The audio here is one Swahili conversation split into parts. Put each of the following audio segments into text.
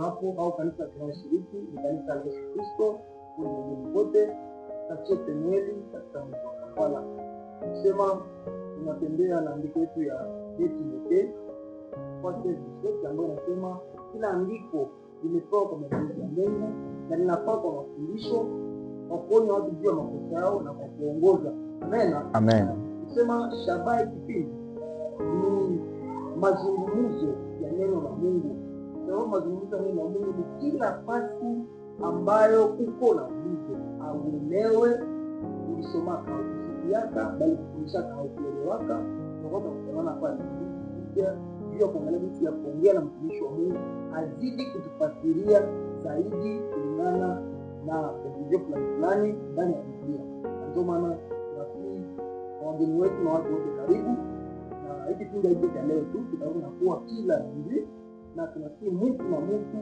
hapo au kanisa tunayoshiriki ni kanisa la Yesu Kristo ulimwenguni kote, katika Penueli, katika mji wa Kampala. Kusema tunatembea na andiko yetu ya DTBK ambayo inasema kila andiko limepewa kwa matumizi ya Mungu na linafaa kwa mafundisho, kwa kuonya watu juu ya makosa yao na kwa kuongoza. Amen. Kusema shabaha ya kipindi ni mazungumzo ya neno la Mungu leo mazungumzo mimi na Mungu ni kila nafasi ambayo uko na ulizo auelewe ulisomaka usikiaka bali kufundishaka au kuelewaka unakuwa tunakutanana ya ya kuongea na mtumishi wa Mungu azidi kutufasiria zaidi kulingana na pengine fulani fulani ndani ya Biblia. Ndio maana nafikiri wageni wetu na watu wote karibu na hiki kipindi hiki cha leo tu kitakuwa kila Injili na tunafikiri mtu na mtu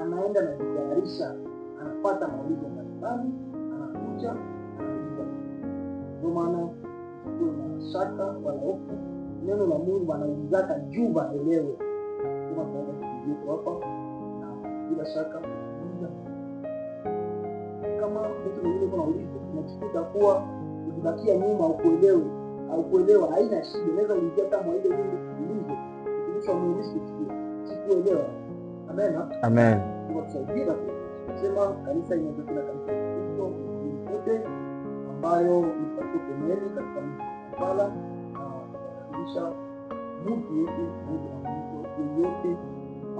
anaenda na anajitayarisha anapata maulizo mbalimbali anakuja anauliza ndio maana sio na shaka wala hofu neno la mungu anaulizaka juu elewe kama kaenda kijietu hapa na bila shaka uliza kama mtu vingine kuna ulizo unajikuta kuwa ukibakia nyuma ukuelewe au kuelewa haina shida unaweza ulizia kama ile mungu ulizo ulizo muulisi kuelewa. Amen. Amen. Tunakusaidia kusema kanisa inaweza kuwa kanisa kubwa mkute ambayo ni pasipo meli katika msala na kuhakikisha mtu yetu mmoja mtu yeyote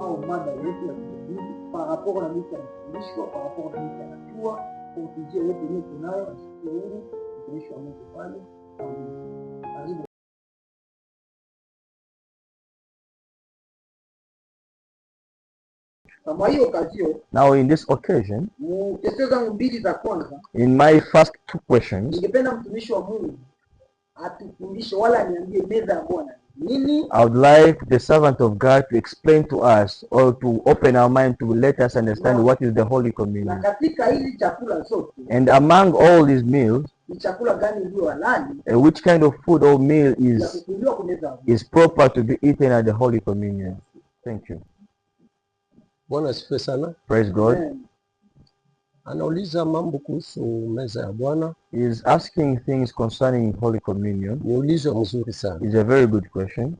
au mada yetu ya kujadili paraporo na mtu anafundishwa paraporo na mtu anajua kwa njia yote ile tunayo asikia huru mtumishi wa Mungu pale au Now in this occasion, in my first two questions, I would like the servant of God to explain to us or to open our mind to let us understand what is the Holy Communion. and among all these meals, eh, which kind of food or meal is is proper to be eaten at the Holy Communion? Thank you. Bwana asifiwe sana. Praise God. Anauliza mambo kuhusu meza ya Bwana. He is asking things concerning Holy Communion. Ni ulizo mzuri sana. Is a very good question.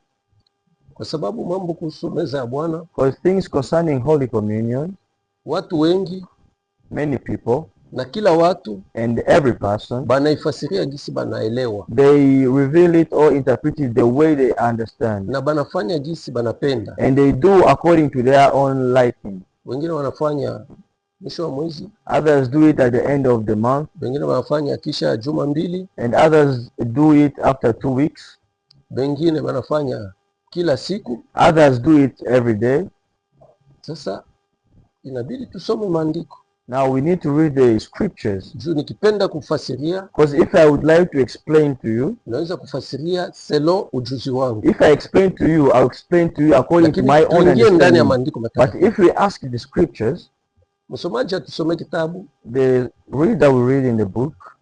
Kwa sababu mambo kuhusu meza ya Bwana. For things concerning Holy Communion. Watu wengi. Many people na kila watu and every person banaifasiria gisi banaelewa, they reveal it or interpret it the way they understand, na banafanya gisi banapenda, and they do according to their own liking. Wengine wanafanya mwisho wa mwezi, others do it at the end of the month, wengine wanafanya kisha juma mbili, and others do it after two weeks, wengine wanafanya kila siku, others do it every day. Sasa inabidi tusome maandiko Now we need to read the scriptures. Juu nikipenda kufasiria. Because if I would like to explain to you. Naweza kufasiria selon ujuzi wangu. If I explain to you, I'll explain to you according to my own understanding. ndani ya maandiko matakatifu. But if we ask the scriptures. Msomaji atusome kitabu. The reader will read in the book.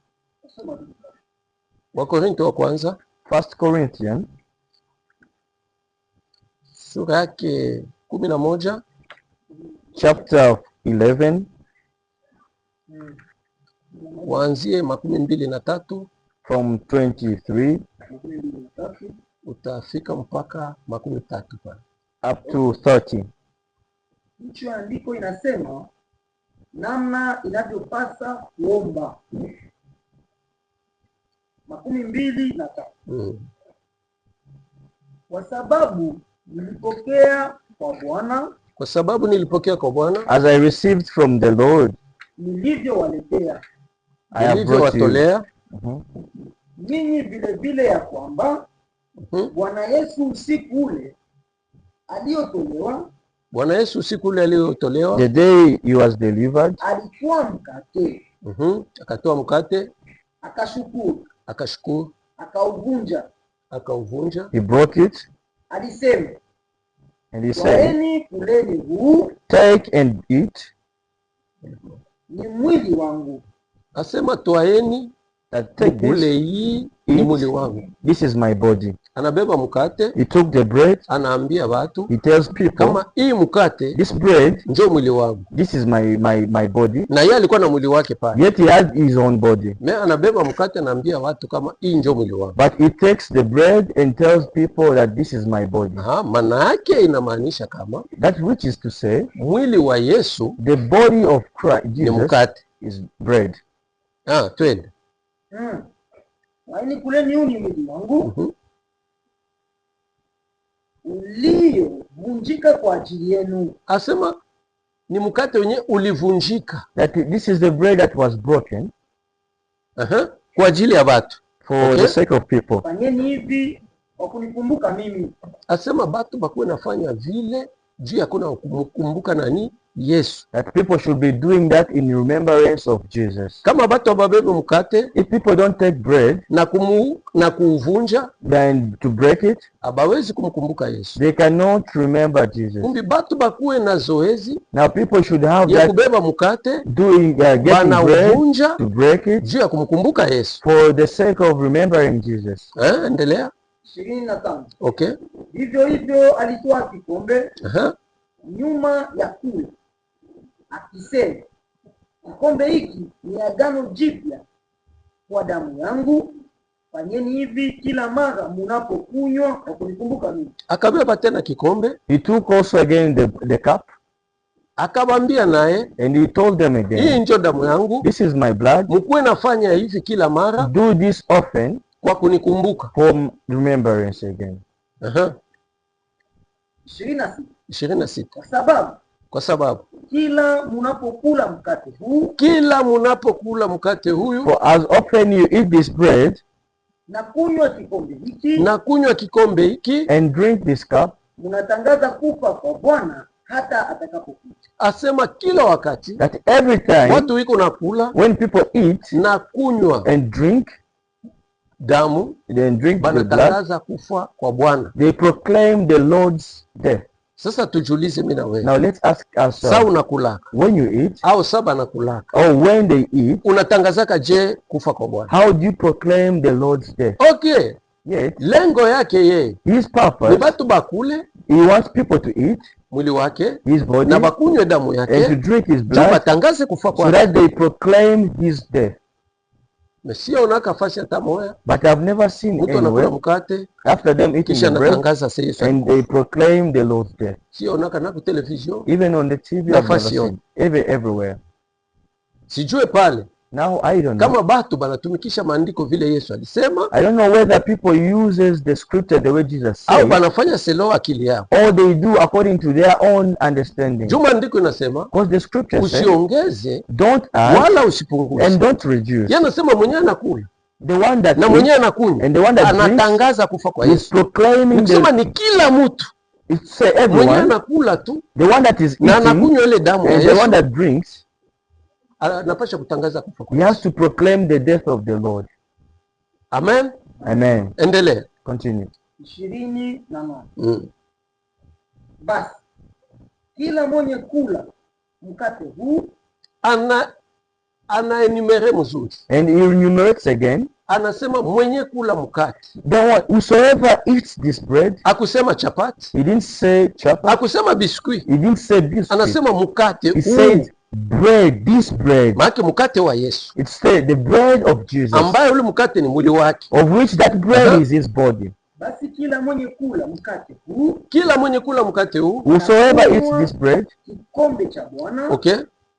Wakorinto wa kwanza. First Corinthian. Sura yake 11 Chapter 11. Waanzie makumi mbili na tatu from 23 utafika mpaka makumi tatu pale up to 30. Nchi andiko inasema namna inavyopasa kuomba makumi mbili na tatu mm. Kwa sababu nilipokea kwa Bwana, kwa sababu nilipokea kwa Bwana, as I received from the Lord nilivyowaletea, nilivyowatolea mm-hmm. ninyi vile vile, ya kwamba mm-hmm. Bwana Yesu usiku ule aliyotolewa Bwana Yesu usiku ule aliyotolewa, the day he was delivered, alikuwa mkate mm-hmm. Akatoa mkate akashukuru, akashukuru, akauvunja, akauvunja, he broke it, alisema, and he said, take and eat ni mwili wangu. Asema twaeni tatengule hii Hmm? ni mwili wangu, this is my body. Anabeba mkate, he took the bread, anaambia watu, he tells people, kama hii mkate, this bread, njo mwili wangu, this is my my my body. Na yeye alikuwa na mwili wake pale, yet he had his own body. Me anabeba mkate, anaambia watu kama hii njo mwili wangu, but he takes the bread and tells people that this is my body. Ha, maana yake inamaanisha kama that which is to say, mwili wa Yesu, the body of Christ, Jesus, ni mkate is bread. Ah, twende mm. Yaani kule niuni mwili wangu mhm. uliovunjika kwa ajili yenu. Asema ni mkate wenye ulivunjika. That this is the bread that was broken. Aha, kwa ajili ya watu. For the sake of people. Fanyeni hivi kwa kunikumbuka mimi. Asema batu bakuwe nafanya vile juu ya kuna nani? Yesu that people should be doing that in remembrance of Jesus. Kama bato babebe mukate if people don't take bread na kumu na kuuvunja then to break it, abawezi kumkumbuka Yesu, they cannot remember Jesus. Kumbi bato bakuwe na zoezi, now people should have ya kubeba mukate doing uh, getting bread to break it juu ya kumkumbuka Yesu for the sake of remembering Jesus. Eh, endelea ishirini na tano. Okay, hivyo hivyo alitoa kikombe nyuma ya kula akisema kikombe hiki ni agano jipya kwa damu yangu, fanyeni hivi kila mara mnapokunywa kwa kunikumbuka mimi. Akabeba tena kikombe, he took also again the, the cup akabambia naye, and he told them again, hii ndio damu yangu, this is my blood, mkuwe nafanya hivi kila mara, do this often, kwa kunikumbuka, for remembrance again. Aha, ishirini na 26. ishirini kwa sababu kwa sababu kila munapokula mkate huu, kila munapokula mkate huyu, for as often you eat this bread, na kunywa kikombe hiki, na kunywa kikombe hiki, and drink this cup, munatangaza kufa kwa Bwana hata atakapokuja. Asema kila wakati, that every time watu wiko na kula, when people eat, na kunywa and drink damu, then drink the banatangaza kufa kwa Bwana, they proclaim the Lord's death sasa tujiulize mimi na wewe. Now let's ask ourselves. Sasa unakulaka. When you eat. Au saba nakulaka. Or when they eat. Unatangazaka je kufa kwa Bwana? How do you proclaim the Lord's death? Okay. Yet, lengo yake ye His purpose. Ni batu bakule. He wants people to eat mwili wake his body, na bakunywe damu yake and to drink his blood, batangaze kufa kwake so that they proclaim his death. Mesiaonaka fasi hata moya but I've never seen mtu anakula mkate after them eating kisha anatangaza Yesu and they proclaim the Lord's death. Sionaka na ku television even on the TV I've never seen even everywhere, sijue pale Now I don't know. kama know. Batu banatumikisha maandiko vile Yesu alisema. I don't know whether people uses the scripture the way Jesus said. Au banafanya selo akili yao. Or they do according to their own understanding. juu maandiko inasema. Because the scripture says. Usiongeze. Don't add. Wala usipunguze. And don't reduce. Yeye anasema mwenyewe anakula. The one that na mwenyewe anakunywa. And the one that anatangaza kufa kwa Yesu. Proclaiming the... ni kila mtu. It's everyone. Mwenyewe anakula tu. The one that is eating. Na anakunywa ile damu ya Yesu. The one that drinks anapasha ah, kutangaza kufa He has to proclaim the death of the Lord. Amen. Amen. Endelea. Continue. Ishirini Mm. Basi kila mwenye kula mkate huu ana ana enumere mzuri. And he enumerates again. Anasema mwenye kula mkate. The one whosoever eats this bread. Akusema chapati. He didn't say chapati. Akusema biscuit. He didn't say biscuit. Anasema mkate huu. He said bread this bread maana mkate wa Yesu it said the bread of Jesus ambaye ule mkate ni mwili wake of which that bread uh -huh. is his body basi kila mwenye kula mkate huu kila mwenye kula mkate huu whosoever eats this bread kikombe cha Bwana okay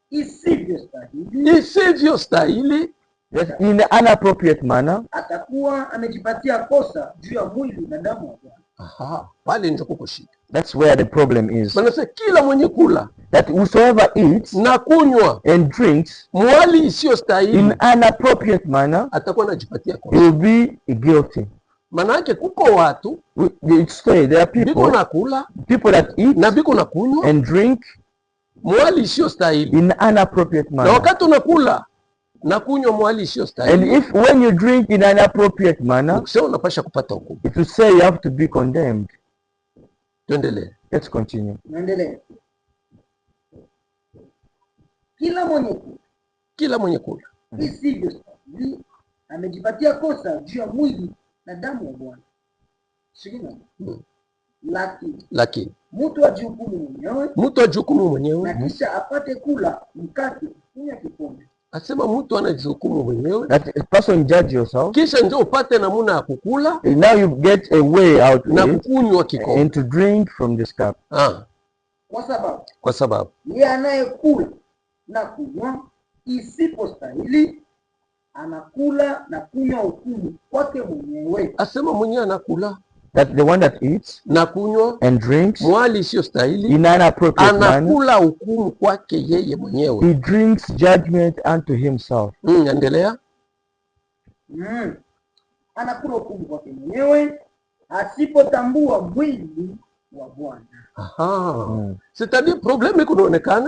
isivyo stahili isivyo stahili Yes, in an inappropriate manner atakuwa amejipatia kosa juu ya mwili na damu ya Bwana. Aha, pale ndio kuko shida. That's where the problem is. Manase kila mwenye kula that whosoever eats na kunywa and drinks mwali isiyo stahili in an appropriate manner atakuwa anajipatia kosa. He will be guilty. Manake kuko watu it's there, there are people, biko na kula people that eat na biko na kunywa and drink mwali isiyo stahili in an appropriate manner. Na wakati unakula na kunywa mwali isiyo stahili. And if when you drink in an appropriate manner, unapasha kupata hukumu. It will say you have to be condemned. Tuendelee. Let's continue. Tuendelee. Kila mwenye kula, kila mwenye kula isivyo amejipatia kosa juu ya mwili na damu ya Bwana. Hmm. Lakini lakini mtu ajihukumu mwenyewe, mtu ajihukumu mwenyewe, na kisha apate kula mkate, kunywa kikombe asema mtu anajihukumu mwenyewe, that a person judge yourself, kisha ndio upate namuna ya kukula, now you get a way out na kukunywa kikombe, and to drink from this cup. Ah, kwa sababu kwa sababu yeye anayekula na kunywa isipostahili anakula na kunywa hukumu kwake mwenyewe, asema mwenyewe anakula that the one that eats na kunywa and drinks mwali isiyostahili inappropriate anakula hukumu kwake yeye mwenyewe he drinks judgment unto himself mm, endelea mm. anakula hukumu kwake mwenyewe asipotambua mwili Bwana.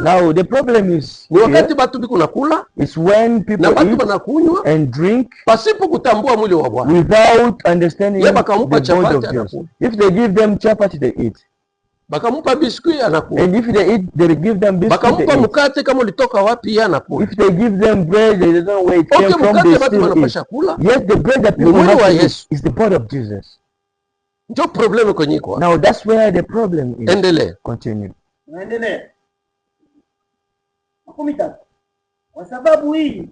Now the problem is ni wakati batu biko nakula is when people na batu banakunywa and drink pasipo kutambua mwili wa Bwana. Without understanding. Bakamupa chapati. If they give them chapati they eat. Bakamupa biskuti anakula. And if they eat they give them biscuit. Bakamupa mkate kama ulitoka wapi anakula. If they give them bread they don't wait. Okay, mkate batu Yes, the bread that people have is the body of Jesus. Ndio problem iko nyiko. Now that's where the problem is. Endelee. Continue. Endelee. Makumi tatu. Kwa sababu hii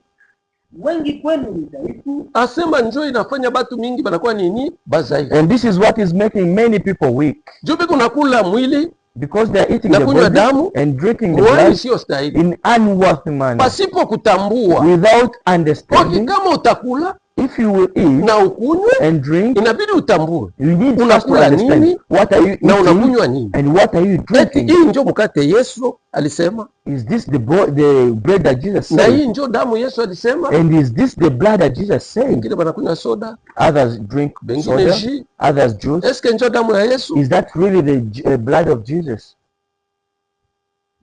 wengi kwenu ni dhaifu. Asema njoo inafanya batu mingi banakuwa nini? Bazaifu. And this is what is making many people weak. Juu biko nakula mwili Because they are eating the body damu, and drinking the blood in unworthy manner. Pasipo kutambua. Without understanding. kama utakula If you will eat na ukunywe and drink, inabidi utambue unakula nini what are you na unakunywa nini and what are you drinking. Hii njo mkate Yesu alisema, is this the the bread that Jesus said, na hii damu Yesu alisema, and is this the blood that Jesus said. Wengine wanakunywa soda, others drink soda, others juice. Eske damu ya Yesu? Is that really the uh, blood of Jesus?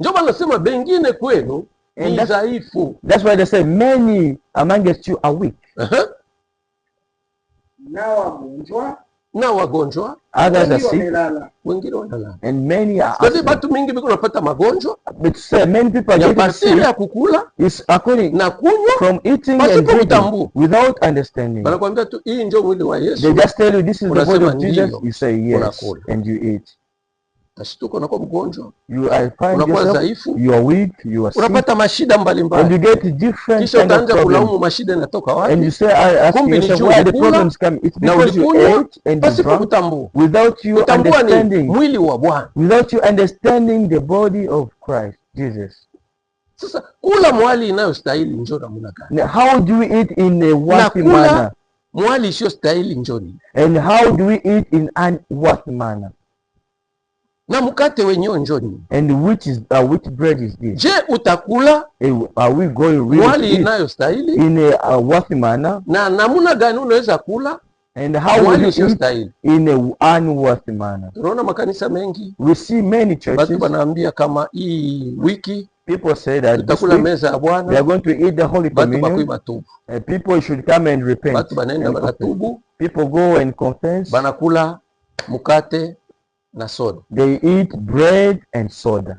Njo bengine kwenu ni dhaifu. That's why they say many among us you are weak Aha. Na wagonjwa na wagonjwa, others wengine wanalala, and mingi biko napata magonjwa, but uh, Ya kukula na kunywa from eating and tu hii njo mwili wa Yesu. They just tell this is the body of Jesus. and you Utashtuka, unakuwa mgonjwa, unakuwa dhaifu, unapata mashida mbalimbali, kisha utaanza kulaumu mashida yanatoka wapi? Kumbe ni ulikunywa na ulikunywa pasipo kutambua. Kutambua ni mwili wa Bwana. Sasa kula mwali inayostahili njoo namna gani? How do we eat in a worthy manner? Mwali isiyostahili njoni. And how do we eat in an worthy manner? na mkate wenyewe njoni. And which is, uh, which bread is this? Je, utakula eh, are we going really wali inayostahili in a uh, worthy manner? Na namuna gani unaweza kula And how wali usiyostahili in a unworthy manner? Tunaona makanisa mengi, we see many churches, watu wanaambia kama hii wiki People say that tutakula meza ya Bwana, they are going to eat the holy communion. and eh, people should come and repent. Watu banaenda banatubu, people go and confess, banakula mkate na soda. They eat bread and soda.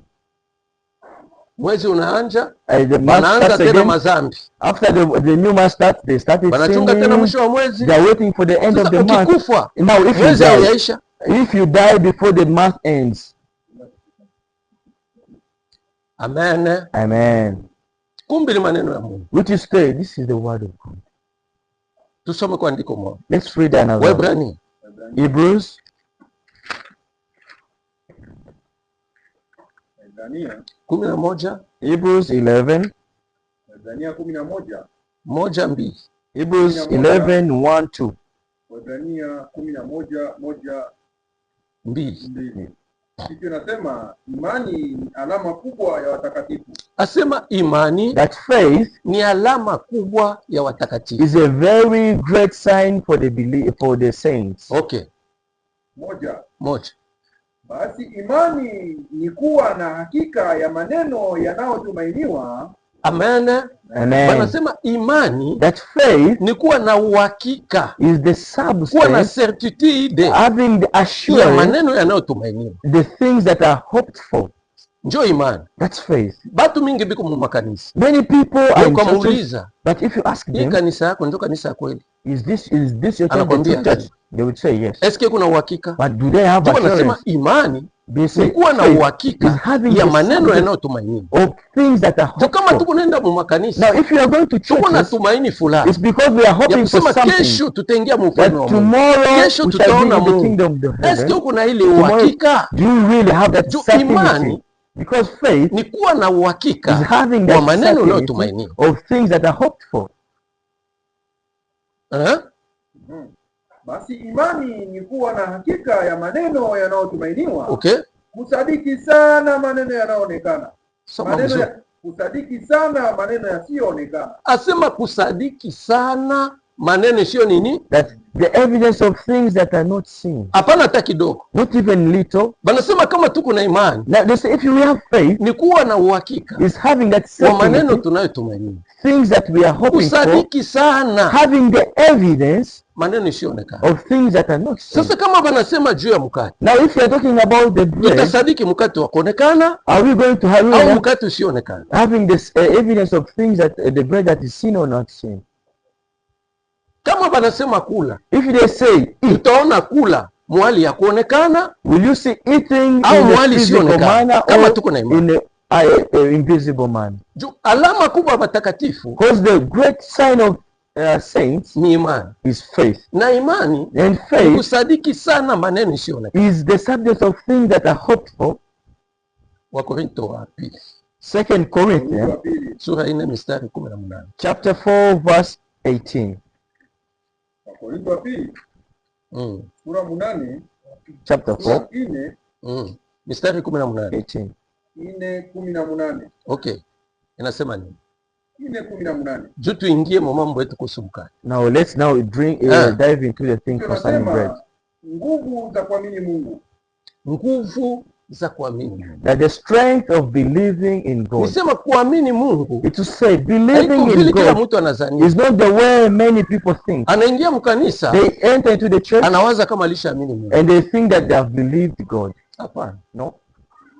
Mwezi unaanja eh, wanaanza tena mazambi. After the, the new month start, they started wanachunga tena mwisho wa mwezi. They are waiting for the end of the month. Ukikufa now if mwezi you die, if you die before the month ends. Amen. Amen. Kumbe ni maneno ya Mungu. Which is clear, this is the word of God. Tusome kwa andiko moja. Let's read another. Waebrania. Hebrews kumi na moja Hebrews 11 Waebrania kumi na moja moja mbili Hebrews 11 1 Waebrania kumi na moja moja mbili Hivyo nasema imani ni alama kubwa ya watakatifu. Asema imani, that faith ni alama kubwa ya watakatifu. Is a very great sign for the belief, for the saints. Okay. Moja. Moja. Basi imani ni kuwa na hakika ya maneno yanayotumainiwa. Amen. Amen. Wanasema imani That faith ni kuwa na uhakika is the substance, kuwa na certitude having the assurance ya maneno yanayotumainiwa, the things that are hoped for. Njo imani. That's faith. Batu mingi biko mu makanisa. Many people are in churches, but if you ask them, hii kanisa yako ndio kanisa ya kweli? Is this, is this your church? They would say yes. Eske kuna uhakika? But do they have assurance? Nasema imani ni kuwa na uhakika ya maneno yanayotumainiwa. Kama tukunaenda mu makanisa tuko na tumaini fulani ya kusema kesho tutaingia mu ufalme wa Mungu, kesho tutaona heaven. Eske uko ile uhakika? Imani ni kuwa na uhakika wa maneno yanayotumainiwa. Basi imani ni kuwa na hakika ya maneno yanayotumainiwa. Okay. Kusadiki sana maneno yanayoonekana. Maneno ya, kusadiki sana maneno yasiyoonekana. Asema kusadiki sana maneno isiyo nini? That the evidence of things that are not seen. Hapana hata kidogo. Not even little. Banasema kama tuko na imani. Now they if you have faith. Ni kuwa na uhakika. Is having that certainty. maneno tunayotumainia. Things that we are hoping for. Kusadiki sana. Having the evidence maneno isiyoonekana of things that are not seen. Sasa kama banasema juu ya mkate, now if you are talking about the bread, tutasadiki mkate wa kuonekana, are we going to have au mkate usioonekana, having this uh, evidence of things that uh, the bread that is seen or not seen. Kama banasema kula, if they say eat, tutaona kula mwali ya kuonekana, will you see eating au mwali isiyoonekana, kama tuko na imani uh, A, a invisible man. Juu alama kubwa ya matakatifu. Because the great sign of uh, saints ni imani is faith na imani and faith kusadiki sana maneno isiyoonekana is the subject of things that are hoped for wakorinto wa pili second corinthians sura ine mistari kumi na mnane chapter 4 verse 18 wakorinto wa pili mm. sura munane chapter 4 mm. mistari kumi na mnane ine kumi na mnane okay inasema nini tuingie mwa mambo yetu kuhusu mkate. Now let's now drink, uh, eh, yeah. dive into the thing concerning bread. Nguvu za kuamini Mungu. Nguvu za kuamini. That the strength of believing in God. Nisema kuamini Mungu. believing in God. Mtu anazania. Is not the way many people think. Anaingia mkanisa. They enter into the church. Anawaza kama alishaamini Mungu. And they think that they have believed God. Hapana. No.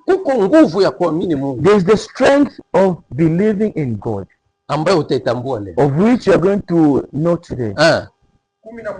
Kuko nguvu ya kuamini Mungu. There is the strength of believing in God. ambayo utaitambua leo, of which you are going to know today. Ah, kumi na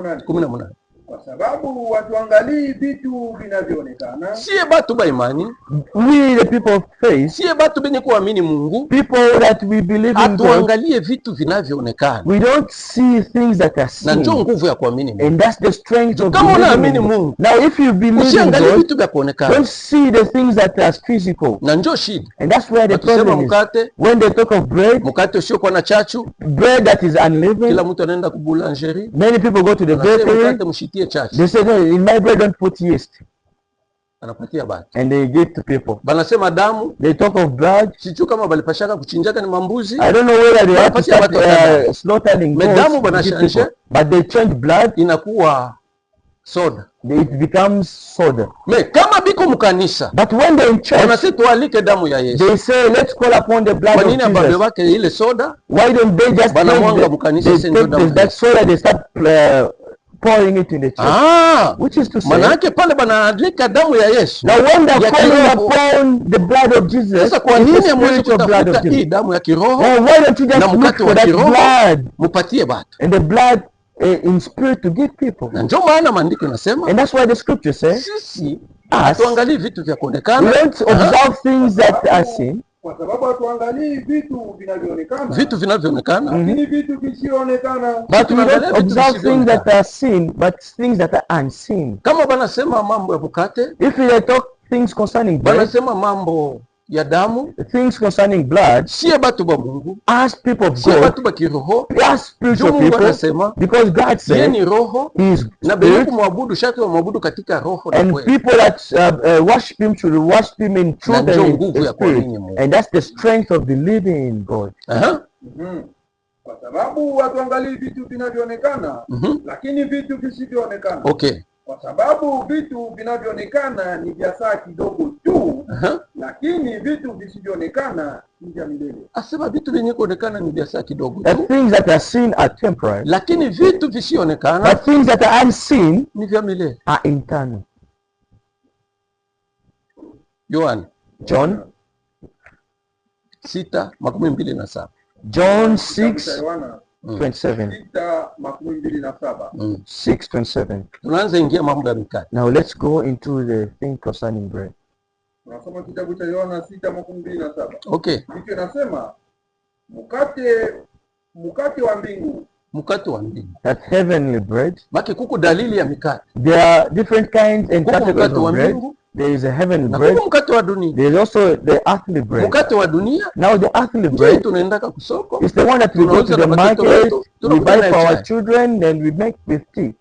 kwa sababu watuangalii vitu vinavyoonekana, sie batu ba imani, we the people of faith, sie batu benye kuamini Mungu, people that we believe in, hatuangalie vitu vinavyoonekana, we don't see things that are seen, na njo nguvu ya kuamini Mungu, and that's the strength of kama unaamini Mungu. Now if you believe in God, vitu vya kuonekana, don't see the things that are physical, na njo shida, and that's where the problem is. Mkate, when they talk of bread, mkate kwa na chachu, bread that is unleavened, kila mtu anaenda ku boulangerie, many people go to the bakery, akupatie chache. They said, no, in my bread don't put yeast. Anakupatia bati. And they give to people. Banasema damu. They talk of blood. Sijui kama balipashaka kuchinjaka ni mambuzi. I don't know whether they are start, uh, slaughtering goats. Damu banashanisha. But they change blood. Inakuwa soda. It becomes soda. Me, kama biko mkanisa. But when they in church. Wanasema tualike damu ya Yesu. They say let's call upon the blood of Jesus. Kwa nini wake ile soda? Why don't they just bana mwanga mkanisa sasa That soda they start uh, pouring it in the church. Ah, which is to say, manake pale banaandika damu ya Yesu Now when they are calling upon the blood of Jesus. Sasa kwa nini hamwezi kutafuta hii damu ya kiroho why don't you just look for that blood? mupatie watu and the blood uh, in spirit to give people. Na ndio maana maandiko yanasema and that's why the scripture says sisi tuangalie vitu vya kuonekana, we don't observe things that are seen kwa sababu hatuangalii vitu vinavyoonekana, vitu vinavyoonekana, lakini mhm. vitu visioonekana, but we don't observe things that are seen but things that are unseen. Kama banasema mambo ya mkate, if they talk things concerning bread, banasema mambo ya damu, things concerning blood, siye batu ba Mungu, as people of God, batu ba kiroho, as spiritual people, anasema because God said, yeye ni roho is na bila kumwabudu shati wa mwabudu katika roho and na kweli, people that uh, uh, worship him should worship him in truth and in nguvu ya kuamini and that's the strength of believing in God. Aha, mhm kwa sababu watu angalii vitu vinavyoonekana, mm -hmm. lakini vitu visivyoonekana. Okay, kwa sababu vitu vinavyoonekana ni vya saa kidogo tu huu uh -huh. Lakini vitu visivyoonekana ni vya milele. Asema vitu vyenye kuonekana ni vya saa kidogo Things that are seen are temporary. Lakini vitu visionekana, things that are unseen ni vya milele, are internal. Yohana John sita makumi mbili na saba John 6 mm. tunaanza ingia mambo ya mikate. Now let's go into the thing concerning bread. Tunasoma kitabu cha Yohana sita makumi mbili na saba okay. Ndicho nasema mkate mkate wa mbingu mkate wa mbingu that heavenly bread make kuku dalili ya mikate there are different kinds and categories of bread there is a heavenly na bread mkate wa dunia there is also the earthly bread mkate wa dunia now the earthly bread tunaenda kusoko is the one that we go to the market we buy for our children then we make with tea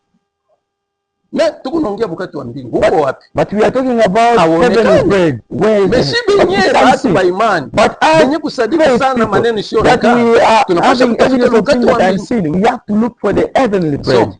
Me tuko naongea wakati wa mbingu. Huko wapi? But we are talking about heaven bread. Meshibenye bahati ba imani. But wenye kusadiki sana maneno sio that we are tunapaswa kutafuta wakati wa mbingu. We have to look for the heavenly bread.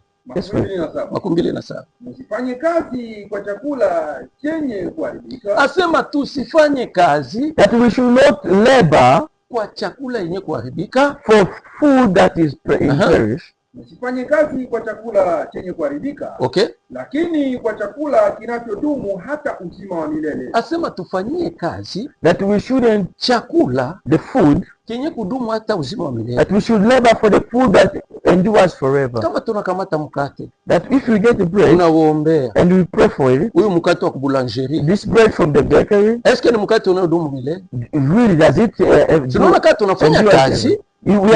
Makumi mbili na saba. Msifanye kazi kwa chakula chenye kuharibika. Asema tusifanye kazi. That we should not labor kwa chakula yenye kuharibika. For food that is perish msifanye kazi kwa chakula chenye kuharibika, okay, lakini kwa chakula kinachodumu hata uzima wa milele. Asema tufanyie kazi, that we shouldn't chakula the food chenye kudumu hata uzima wa milele, that we should labor for the food that endures forever. Kama tunakamata mkate, that if we get the bread tunaombea and we pray for it, huyu mkate wa kubulangerie this bread from the bakery, eske ni mkate unaodumu milele? Really, does it? uh, uh Tunaona uh, kama tunafanya kazi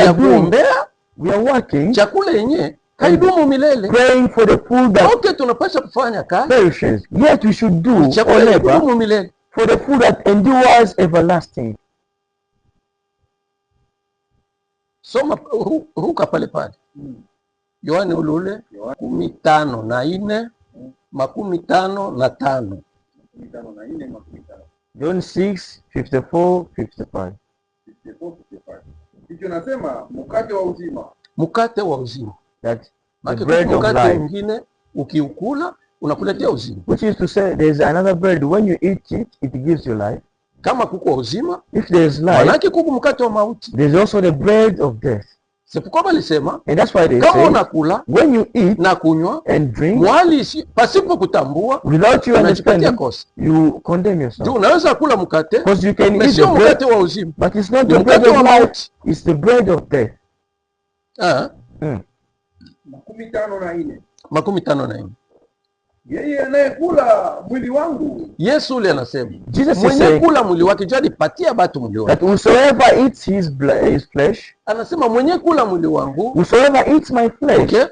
ya kuombea we are working, chakula yenye haidumu milele. Praying for the food that okay, tunapasha kufanya kazi perishes, yet we should do chakula yenye milele for the food that endures everlasting. Soma huka pale pale Yohane ule ule kumi tano na ine makumi tano na tano John 6 54 55. 54, 55 ndicho nasema mkate wa uzima, mkate wa uzima, mkate mwingine ukiukula unakuletea uzima, which is to say there is another bread when you eat it it gives you life. Kama kuko uzima, if there is life, manake kuko mkate wa mauti, there is also the bread of death Sipukwamba alisema kama unakula na kunywa mwali si, pasipo kutambua unajipatia kosa. Unaweza kula mkate, bread mkate wa uzima, mkate wa mauti. Makumi tano na nne yeye anayekula mwili wangu. Yesu ule anasema mwenye kula mwili wake jo alipatia batu mwili wake. That whosoever eats his, flesh, anasema mwenye kula mwili wangu, whosoever eats my flesh, okay,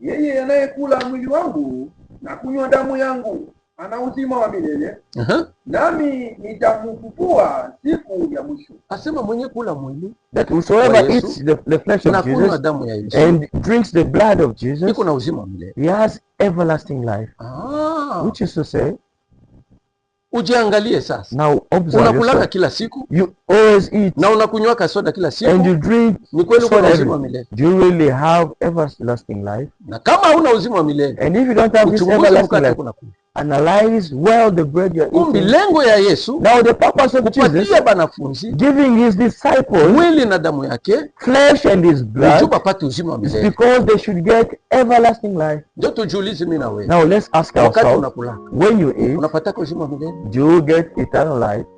yeye anayekula mwili wangu na kunywa damu yangu ana uzima wa milele uh -huh. nami nitamfufua siku ya mwisho. Asema mwenye kula mwili that whosoever eats the, the flesh of Jesus damu ya Yesu and drinks the blood of Jesus iko na uzima wa milele he has everlasting life ah. which is to say Ujiangalie sasa. Now observe. Unakulaka kila siku. You always eat. Na unakunywa soda kila siku. And you drink. Ni kweli uko na uzima wa milele. Do you really have everlasting life? Na kama hauna uzima wa milele. And if you don't have this everlasting life. Analyze well the bread you are eating. Kumbi lengo ya Yesu Now the purpose of kupatia banafunzi giving his disciples mwili na damu yake flesh and his blood juu bapate uzima wa milele because they should get everlasting life. Ndio tujiulize mimi na wewe. Now let's ask ourselves when you eat unapata uzima wa milele? Do you get eternal life?